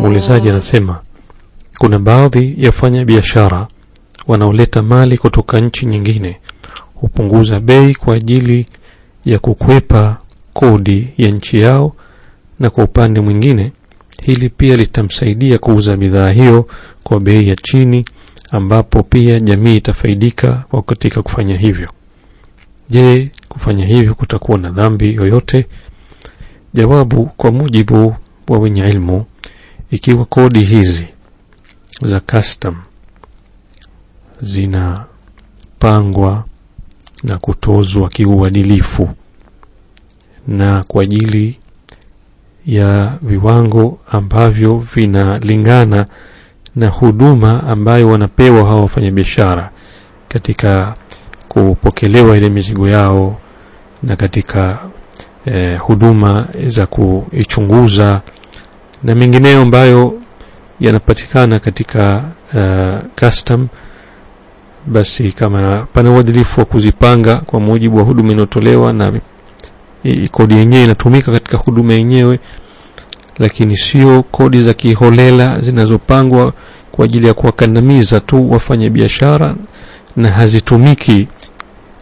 Muulizaji anasema kuna baadhi ya wafanya biashara wanaoleta mali kutoka nchi nyingine hupunguza bei kwa ajili ya kukwepa kodi ya nchi yao, na kwa upande mwingine hili pia litamsaidia kuuza bidhaa hiyo kwa bei ya chini, ambapo pia jamii itafaidika kwa katika kufanya hivyo. Je, kufanya hivyo kutakuwa na dhambi yoyote? Jawabu, kwa mujibu wa wenye ilmu, ikiwa kodi hizi za custom zinapangwa na kutozwa kiuadilifu na kwa ajili ya viwango ambavyo vinalingana na huduma ambayo wanapewa hawa wafanyabiashara katika kupokelewa ile mizigo yao na katika eh, huduma za kuichunguza na mingineyo ambayo yanapatikana katika uh, custom basi kama pana uadilifu wa kuzipanga kwa mujibu wa huduma inayotolewa na kodi yenyewe inatumika katika huduma yenyewe lakini sio kodi za kiholela zinazopangwa kwa ajili ya kuwakandamiza tu wafanya biashara na hazitumiki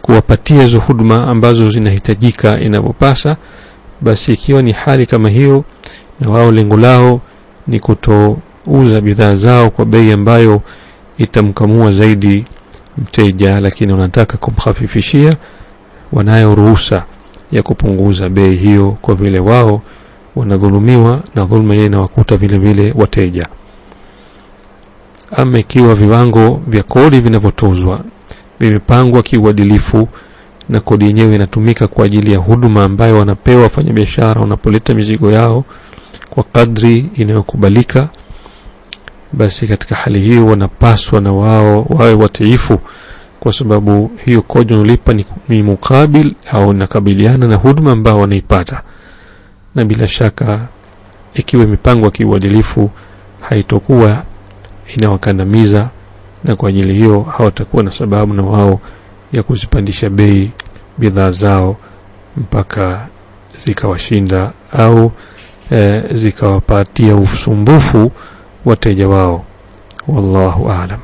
kuwapatia hizo huduma ambazo zinahitajika inavyopasa basi ikiwa ni hali kama hiyo na wao lengo lao ni kutouza bidhaa zao kwa bei ambayo itamkamua zaidi mteja lakini wanataka kumkhafifishia wanayo ruhusa ya kupunguza bei hiyo kwa vile wao wanadhulumiwa na dhulma yeye inawakuta vile vile wateja ama ikiwa viwango vya kodi vinavyotozwa vimepangwa kiuadilifu na kodi yenyewe inatumika kwa ajili ya huduma ambayo wanapewa wafanyabiashara wanapoleta mizigo yao kwa kadri inayokubalika basi katika hali hiyo wanapaswa na wao wawe watiifu kwa sababu hiyo kodi wanalipa ni, ni mukabil au inakabiliana na huduma ambayo wanaipata na bila shaka ikiwa imepangwa kiuadilifu haitokuwa inawakandamiza na kwa ajili hiyo hawatakuwa na sababu na wao ya kuzipandisha bei bidhaa zao mpaka zikawashinda au e, zikawapatia usumbufu wateja wao. Wallahu aalam.